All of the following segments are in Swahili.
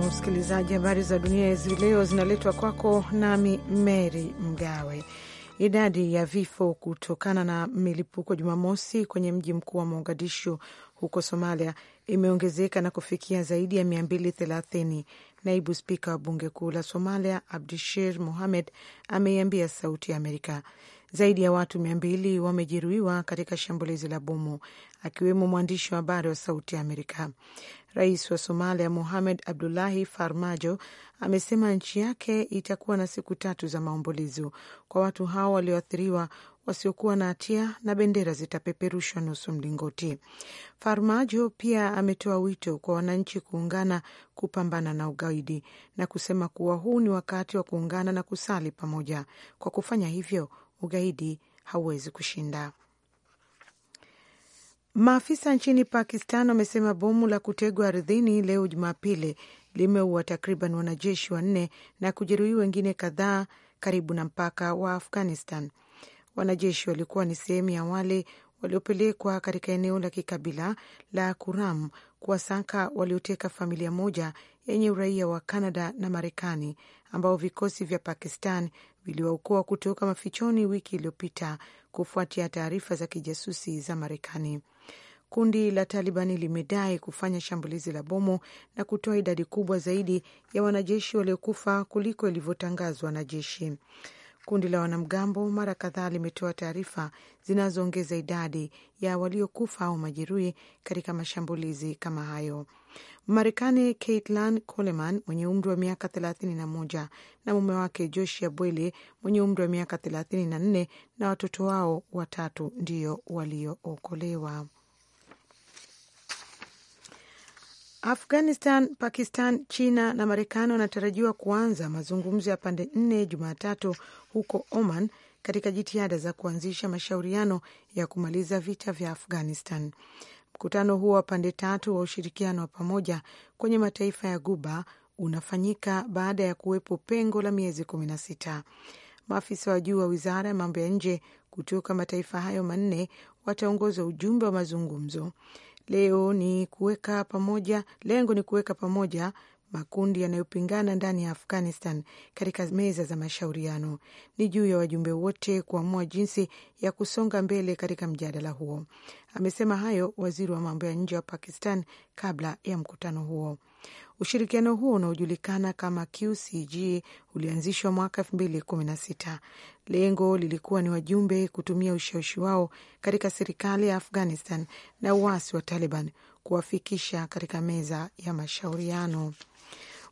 nam msikilizaji, habari za dunia hizi leo zinaletwa kwako nami Mary Mgawe. Idadi ya vifo kutokana na milipuko Jumamosi kwenye mji mkuu wa Mogadishu huko Somalia imeongezeka na kufikia zaidi ya mia mbili thelathini. Naibu spika wa bunge kuu la Somalia Abdishir muhamed ameiambia Sauti ya Amerika zaidi ya watu mia mbili wamejeruhiwa katika shambulizi la bomu, akiwemo mwandishi wa habari wa Sauti ya Amerika. Rais wa Somalia Mohamed Abdullahi Farmajo amesema nchi yake itakuwa na siku tatu za maombolezo kwa watu hao walioathiriwa wasiokuwa na hatia na bendera zitapeperushwa nusu mlingoti. Farmajo pia ametoa wito kwa wananchi kuungana kupambana na ugaidi na kusema kuwa huu ni wakati wa kuungana na kusali pamoja. Kwa kufanya hivyo, ugaidi hauwezi kushinda. Maafisa nchini Pakistan wamesema bomu la kutegwa ardhini leo Jumapili limeua takriban wanajeshi wanne na kujeruhi wengine kadhaa karibu na mpaka wa Afghanistan. Wanajeshi walikuwa ni sehemu ya wale waliopelekwa katika eneo la kikabila la Kuram kuwasaka walioteka familia moja yenye uraia wa Kanada na Marekani ambao vikosi vya Pakistan viliwaokoa kutoka mafichoni wiki iliyopita kufuatia taarifa za kijasusi za Marekani. Kundi la Talibani limedai kufanya shambulizi la bomu na kutoa idadi kubwa zaidi ya wanajeshi waliokufa kuliko ilivyotangazwa na jeshi. Kundi la wanamgambo mara kadhaa limetoa taarifa zinazoongeza idadi ya waliokufa au majeruhi katika mashambulizi kama hayo. Marekani Caitlin Coleman mwenye umri wa miaka thelathini na mume wake Joshua Bwele mwenye umri wa miaka 34 na watoto wao watatu ndiyo waliookolewa. Afghanistan, Pakistan, China na Marekani wanatarajiwa kuanza mazungumzo ya pande nne Jumatatu huko Oman katika jitihada za kuanzisha mashauriano ya kumaliza vita vya Afghanistan. Mkutano huo wa pande tatu wa ushirikiano wa pamoja kwenye mataifa ya Guba unafanyika baada ya kuwepo pengo la miezi kumi na sita. Maafisa wa juu wa wizara ya mambo ya nje kutoka mataifa hayo manne wataongoza ujumbe wa mazungumzo leo ni kuweka pamoja, lengo ni kuweka pamoja makundi yanayopingana ndani ya Afghanistan katika meza za mashauriano. Ni juu ya wajumbe wote kuamua jinsi ya kusonga mbele katika mjadala huo. Amesema hayo waziri wa mambo ya nje wa Pakistan kabla ya mkutano huo. Ushirikiano huo unaojulikana kama QCG ulianzishwa mwaka elfu mbili kumi na sita. Lengo lilikuwa ni wajumbe kutumia ushawishi wao katika serikali ya Afghanistan na uasi wa Taliban kuwafikisha katika meza ya mashauriano.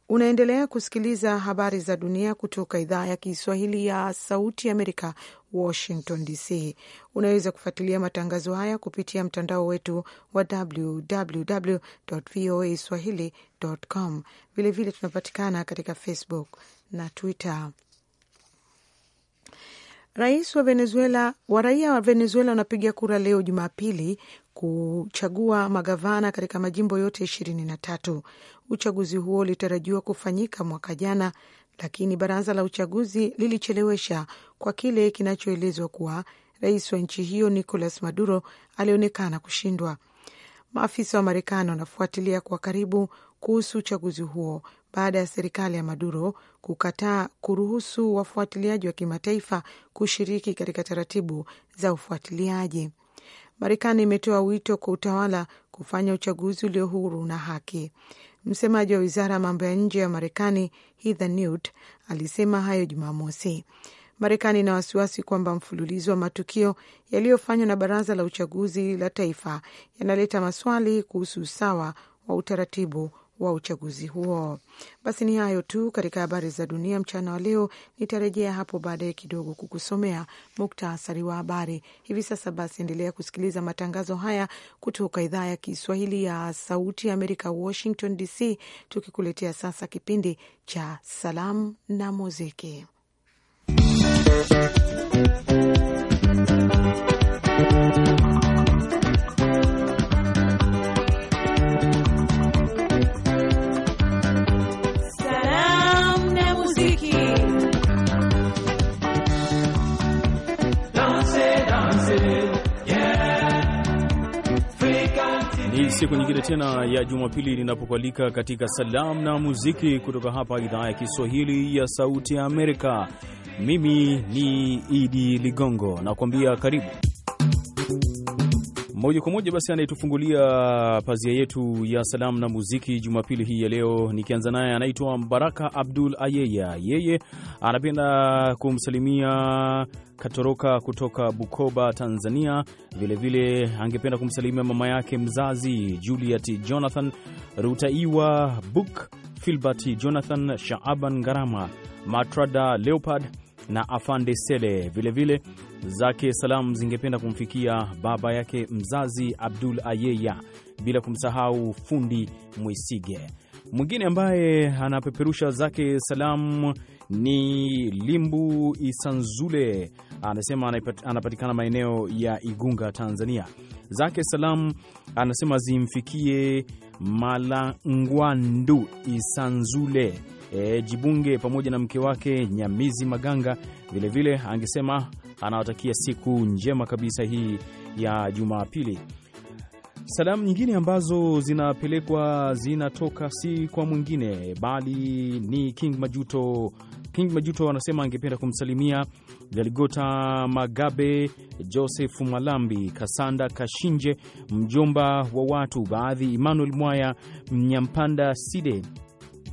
Unaendelea kusikiliza habari za dunia kutoka idhaa ya Kiswahili ya Sauti Amerika, Washington DC. Unaweza kufuatilia matangazo haya kupitia mtandao wetu wa www voa swahili com. Vilevile tunapatikana katika Facebook na Twitter. Rais wa Venezuela wa raia wa Venezuela wanapiga kura leo Jumapili kuchagua magavana katika majimbo yote ishirini na tatu. Uchaguzi huo ulitarajiwa kufanyika mwaka jana, lakini baraza la uchaguzi lilichelewesha kwa kile kinachoelezwa kuwa rais wa nchi hiyo Nicolas Maduro alionekana kushindwa. Maafisa wa Marekani wanafuatilia kwa karibu kuhusu uchaguzi huo baada ya serikali ya Maduro kukataa kuruhusu wafuatiliaji wa kimataifa kushiriki katika taratibu za ufuatiliaji. Marekani imetoa wito kwa utawala kufanya uchaguzi ulio huru na haki. Msemaji wa wizara ya mambo ya nje ya Marekani Heather Nauert alisema hayo Jumamosi. Marekani ina wasiwasi kwamba mfululizo wa matukio yaliyofanywa na baraza la uchaguzi la taifa yanaleta maswali kuhusu usawa wa utaratibu wa uchaguzi huo. Basi ni hayo tu katika habari za dunia mchana wa leo. Nitarejea hapo baadaye kidogo kukusomea muktasari wa habari hivi sasa. Basi endelea kusikiliza matangazo haya kutoka idhaa ya Kiswahili ya Sauti ya Amerika, Washington DC, tukikuletea sasa kipindi cha Salamu na Muziki. siku nyingine tena ya Jumapili ninapokualika katika salamu na muziki kutoka hapa idhaa ya Kiswahili ya Sauti ya Amerika. Mimi ni Idi Ligongo nakuambia karibu moja kwa moja basi, anayetufungulia pazia yetu ya salamu na muziki jumapili hii ya leo, nikianza naye anaitwa Mbaraka Abdul Ayeya. Yeye anapenda kumsalimia Katoroka kutoka Bukoba, Tanzania. Vilevile vile, angependa kumsalimia mama yake mzazi Juliet Jonathan Rutaiwa, Buk Filbert Jonathan, Shaaban Ngarama, Matrada Leopard na Afande Sele. Vilevile zake salamu zingependa kumfikia baba yake mzazi Abdul Ayeya, bila kumsahau fundi Mwisige. Mwingine ambaye anapeperusha zake salamu ni Limbu Isanzule, anasema anapatikana maeneo ya Igunga, Tanzania. Zake salamu anasema zimfikie Malangwandu Isanzule, e, Jibunge pamoja na mke wake Nyamizi Maganga. Vilevile vile, angesema anawatakia siku njema kabisa hii ya Jumapili. Salamu nyingine ambazo zinapelekwa zinatoka si kwa mwingine bali ni King Majuto. King Majuto anasema angependa kumsalimia Galigota Magabe, Joseph Malambi, Kasanda Kashinje, mjomba wa watu baadhi, Emmanuel Mwaya, Mnyampanda Side,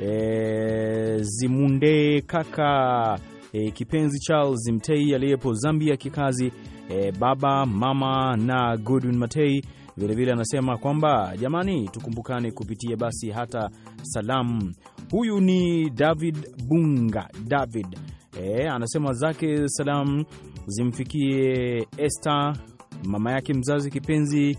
e, Zimunde kaka e, kipenzi Charles Mtei aliyepo Zambia kikazi e, baba mama na Godwin Matei vilevile anasema kwamba jamani, tukumbukane kupitia basi hata salamu. Huyu ni David Bunga David e, anasema zake salamu zimfikie Esther mama yake mzazi kipenzi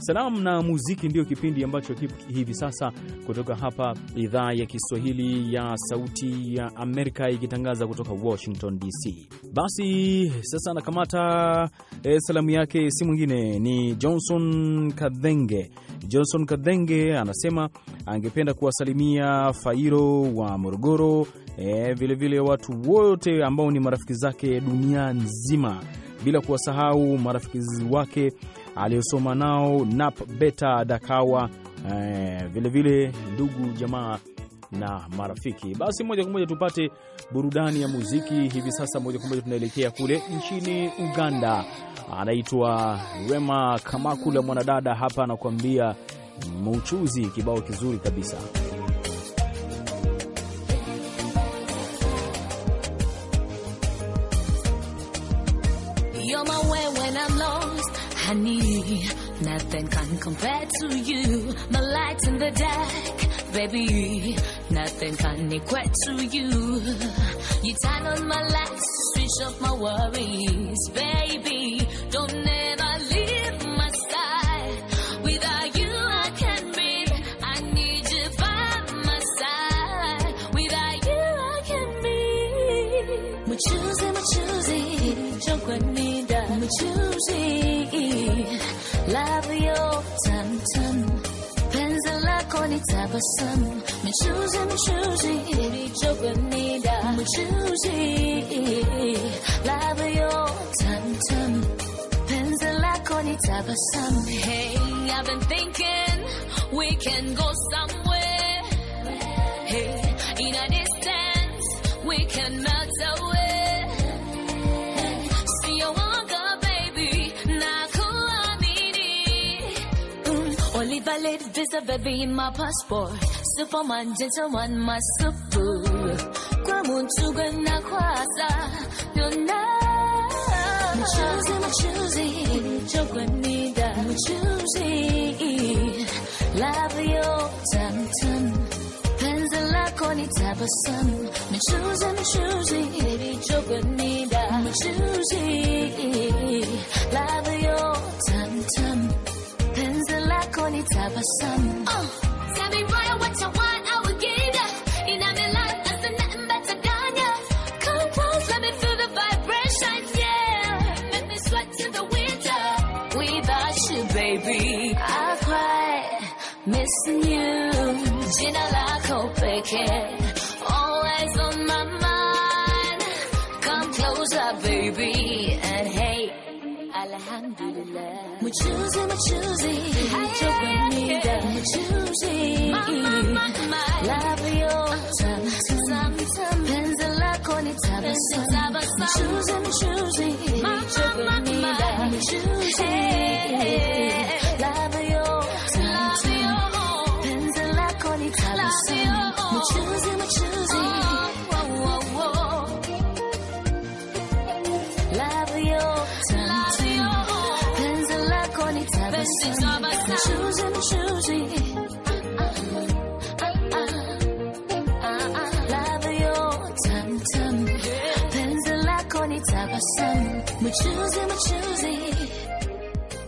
Salamu na muziki ndiyo kipindi ambacho kipo hivi sasa kutoka hapa idhaa ya Kiswahili ya Sauti ya Amerika ikitangaza kutoka Washington DC. Basi sasa nakamata e, salamu yake si mwingine ni Johnson Kadhenge. Johnson Kadhenge anasema angependa kuwasalimia Fairo wa Morogoro, e, vilevile watu wote ambao ni marafiki zake dunia nzima bila kuwasahau marafiki wake aliyosoma nao Nap Beta Dakawa, vilevile eh, vile ndugu jamaa na marafiki. Basi moja kwa moja tupate burudani ya muziki hivi sasa. Moja kwa moja tunaelekea kule nchini Uganda. Anaitwa Rema Kamakula, mwanadada hapa anakuambia Muchuzi, kibao kizuri kabisa. You're my way when I'm lost. honey. Nothing can compare to you. My light in the dark, baby. Nothing can equate to you. You turn on my lights, switch off my worries, baby. person. Me choosy, me choosy, eri chogo nida. Me choosy, love your yo tantum. Penzela koni tabasam. Hey, I've been thinking we can go somewhere. Hey, in a distance we can melt away. Visa baby in my passport. Superman, gentleman, masupu. Kwa muntu na. kwasa. Yona. Mchuzi, mchuzi. Mchogwe nida. choosing. Love yo tamtam. Penzi lako ni tabasamu. Mchuzi, mchuzi. Baby, chogwe nida. Mchuzi. Love you, tam tam oh, Tell me I want you want I will give ya 이 남의 life 나도 Come close let me feel the vibration yeah Make me sweat to the winter Without you baby I cry missing you 지나라 고백해 Always on my mind Come closer baby alhamdulillah mu choosy mu choosy My, my, my, love you penzi lako ni tabasamu choosing, choosing, mu choosy chokwamida mu choosing.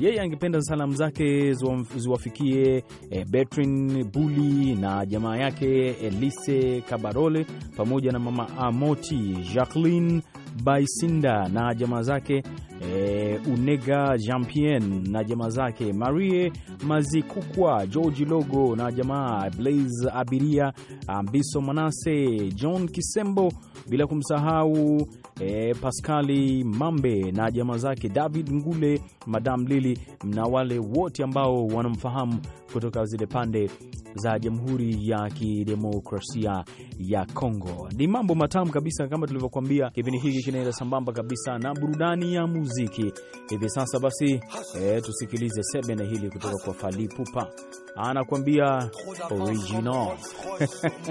yeye angependa salamu zake ziwafikie e, eh, Betrin Buli na jamaa yake Elise Kabarole pamoja na mama Amoti Jacqueline Baisinda na jamaa zake e, Unega Jampien na jamaa zake Marie Mazikukwa, George Logo na jamaa Blaze Abiria ambiso Manase John Kisembo, bila kumsahau e, Paskali Mambe na jamaa zake David Ngule, Madam Lili na wale wote ambao wanamfahamu kutoka zile pande za Jamhuri ya Kidemokrasia ya Kongo. Ni mambo matamu kabisa, kama tulivyokuambia, kipindi hiki kinaenda sambamba kabisa na burudani ya muziki hivi sasa. Basi e, tusikilize sebene hili kutoka kwa Falipupa, anakuambia original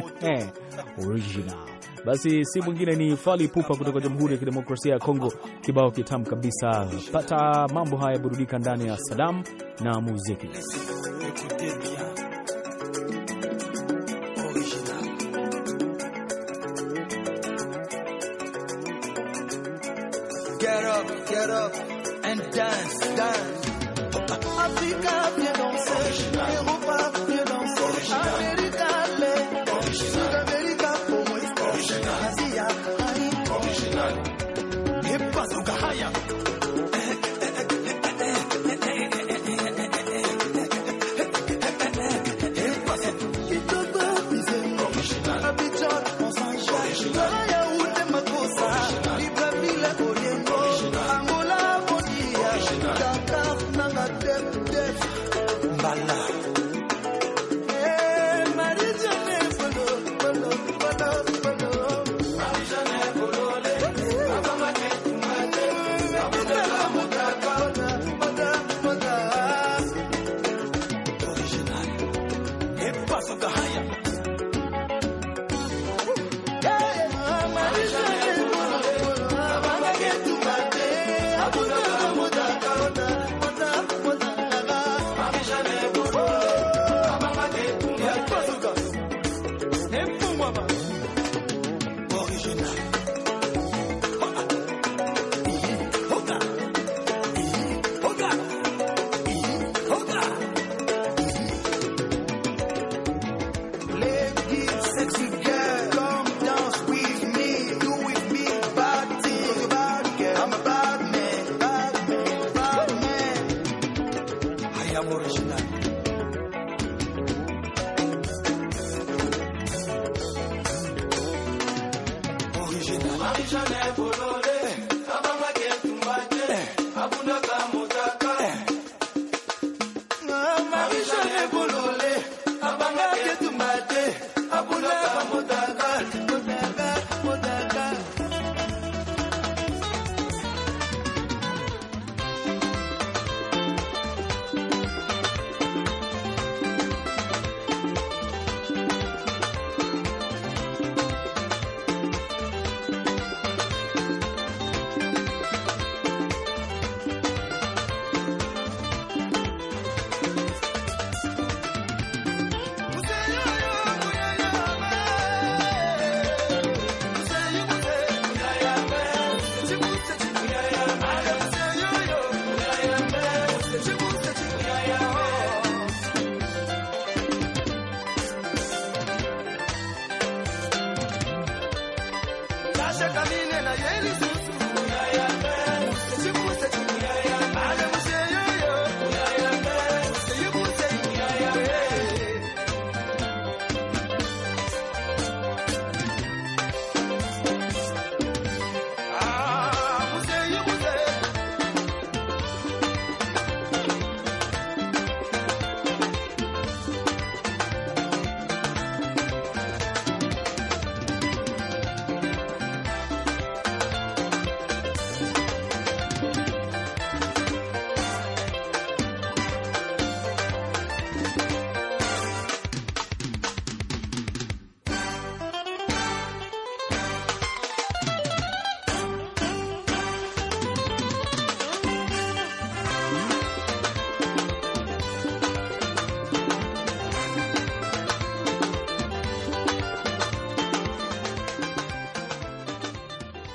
original basi si mwingine ni fali pupa kutoka Jamhuri ya Kidemokrasia ya Kongo, kibao kitamu kabisa. Pata mambo haya, burudika ndani ya Salam na muziki.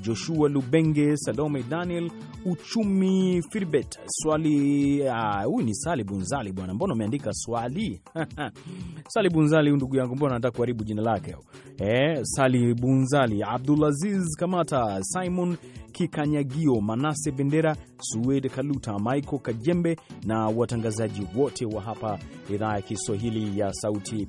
Joshua Lubenge, Salome Daniel Uchumi Firbet swali. Ah, huyu uh, ni Sali Bunzali bwana, mbona umeandika swali? Sali Bunzali ndugu yangu, mbona nataka kuharibu jina lake eh? Sali Bunzali, Abdulaziz Kamata, Simon Kikanyagio, Manase Bendera, Sued Kaluta, Michael Kajembe na watangazaji wote wa hapa idhaa ya Kiswahili ya Sauti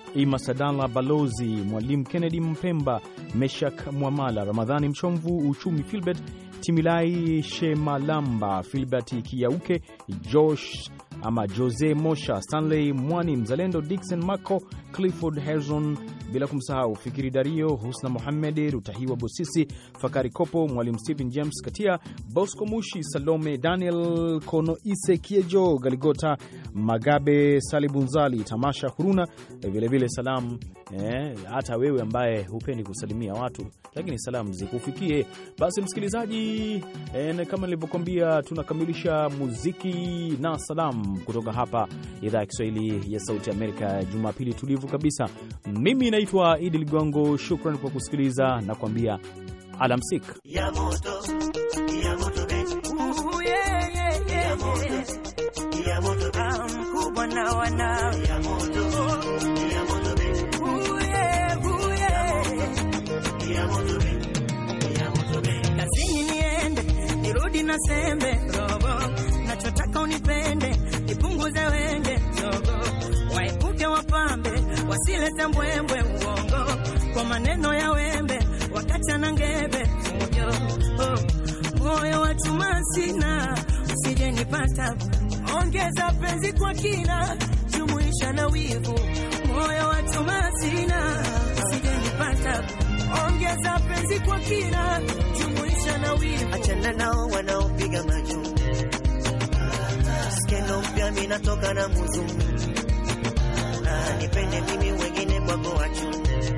Ima Sadala, Balozi Mwalimu Kennedy Mpemba, Meshak Mwamala, Ramadhani Mchomvu, Uchumi Filbert Timilai Shemalamba, Filbert Kiauke, Josh ama Jose Mosha, Stanley Mwani, Mzalendo Dixon maco Clifford Herzon, bila kumsahau Fikiri Dario, Husna Mohamed Rutahiwa, Bosisi Fakari Kopo, Mwalimu Stephen James Katia, Bosco Mushi, Salome Daniel Konoise, Kiejo Galigota, Magabe Salibunzali, Tamasha Huruna, vilevile eh, salamu eh, hata wewe ambaye hupendi kusalimia watu lakini salamu zikufikie basi msikilizaji, eh, kama nilivyokuambia tunakamilisha muziki na salamu kutoka hapa idhaa ya Kiswahili ya Sauti ya Amerika, Jumapili tulivu kabisa. Mimi naitwa Idi Ligongo, shukran kwa kusikiliza na kuambia alamsik kazini niende nirudi na sembe kuleta mbwembwe, uongo kwa maneno ya wembe, wakati na ngebe fujo. Oh, moyo wa chuma sina, usije nipata. Ongeza penzi kwa kina, jumuisha na wivu. Moyo wa chuma sina, usije nipata. Ongeza penzi kwa kina, jumuisha na wivu. Achana nao wanaopiga macho, skendo mpya minatoka na muzungu wachunde,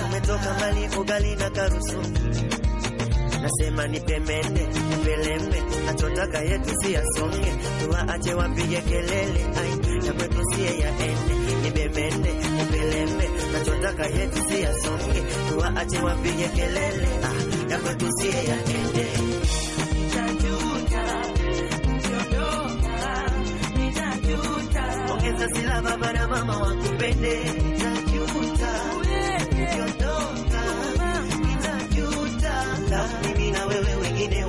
tumetoka mali ugali na karusu, nasema ni pemene peleme, achotaka yetu si asonge, tuwaache wapige kelele, ai ya kwetu siye ya ende, ni pemene peleme, achotaka yetu si asonge, tuwaache wapige kelele, ah ya kwetu siye ya ende Ongeza silaba bara mama wakupende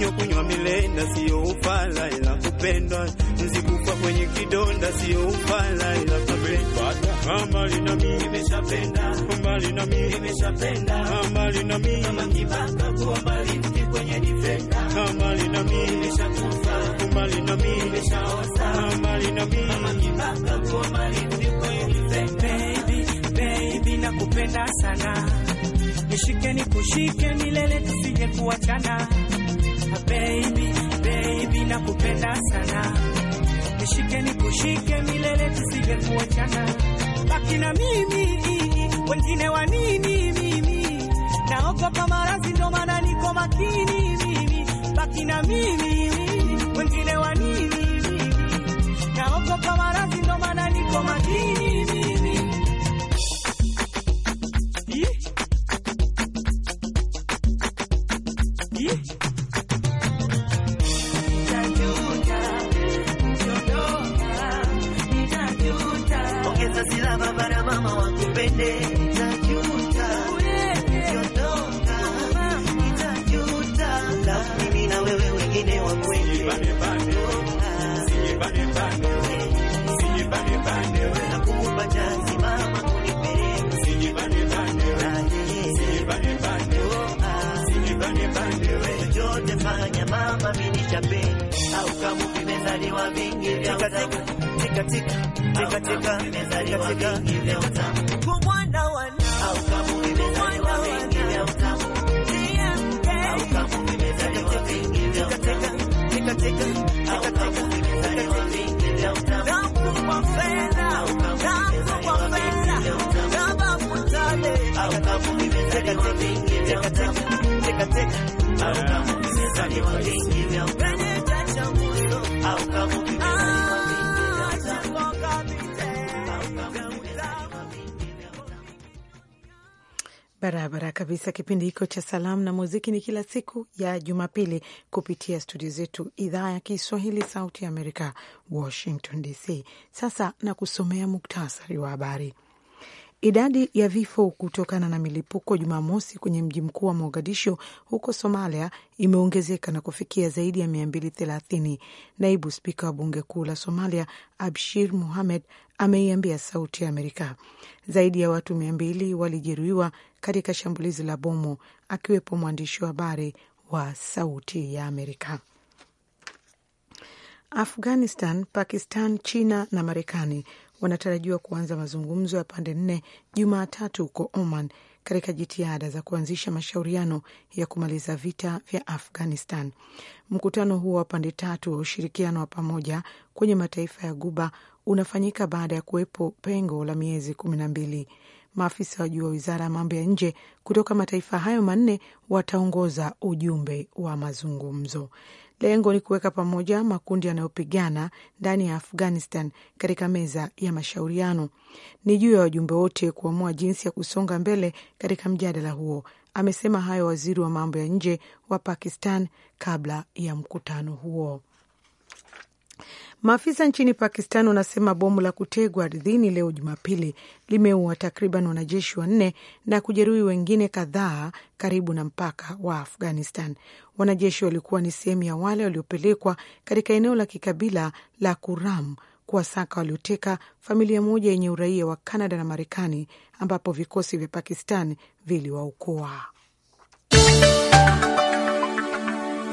kunywa kunywa milenda, sio ufala ila kupendwa. Nzikufa kwenye kidonda, sio ufala ila kupendwa. Mali na mimi nimeshapenda, mali na mimi nimeshapenda, mali na mimi kama kibaka kwa mbali mke kwenye difenda, mali na mimi nimeshakufa, mali na mimi nimeshaosa, mali na mimi kama kibaka kwa mbali mke kwenye difenda. Baby baby, nakupenda sana, nishike nikushike milele tusije kuachana Baby, baby nakupenda sana, nishike nikushike milele tusije kuachana, baki na mimi, wengine wa nini? Mimi naogopa ndo maana niko makini mimi, baki na mimi, wengine wa nini? Naogopa ndo maana niko makini Barabara kabisa. Kipindi hiko cha salamu na muziki ni kila siku ya Jumapili kupitia studio zetu idhaa ya Kiswahili, sauti ya Amerika, Washington DC. Sasa na kusomea muktasari wa habari. Idadi ya vifo kutokana na milipuko Jumamosi kwenye mji mkuu wa Mogadisho huko Somalia imeongezeka na kufikia zaidi ya mia mbili thelathini Naibu spika wa bunge kuu la Somalia Abshir muhamed ameiambia Sauti ya Amerika zaidi ya watu mia mbili walijeruhiwa katika shambulizi la bomu, akiwepo mwandishi wa habari wa Sauti ya Amerika. Afghanistan, Pakistan, China na Marekani wanatarajiwa kuanza mazungumzo ya pande nne Jumatatu huko Oman katika jitihada za kuanzisha mashauriano ya kumaliza vita vya Afghanistan. Mkutano huo wa pande tatu wa ushirikiano wa pamoja kwenye mataifa ya Guba unafanyika baada ya kuwepo pengo la miezi kumi na mbili. Maafisa wa juu wa wizara ya mambo ya nje kutoka mataifa hayo manne wataongoza ujumbe wa mazungumzo. Lengo ni kuweka pamoja makundi yanayopigana ndani ya Afghanistan katika meza ya mashauriano. Ni juu ya wajumbe wote kuamua jinsi ya kusonga mbele katika mjadala huo. Amesema hayo waziri wa mambo ya nje wa Pakistan kabla ya mkutano huo. Maafisa nchini Pakistan wanasema bomu la kutegwa ardhini leo Jumapili limeua takriban wanajeshi wanne na kujeruhi wengine kadhaa karibu na mpaka wa Afghanistan. Wanajeshi walikuwa ni sehemu ya wale waliopelekwa katika eneo la kikabila la Kuram kuwasaka walioteka familia moja yenye uraia wa Kanada na Marekani, ambapo vikosi vya Pakistan viliwaokoa.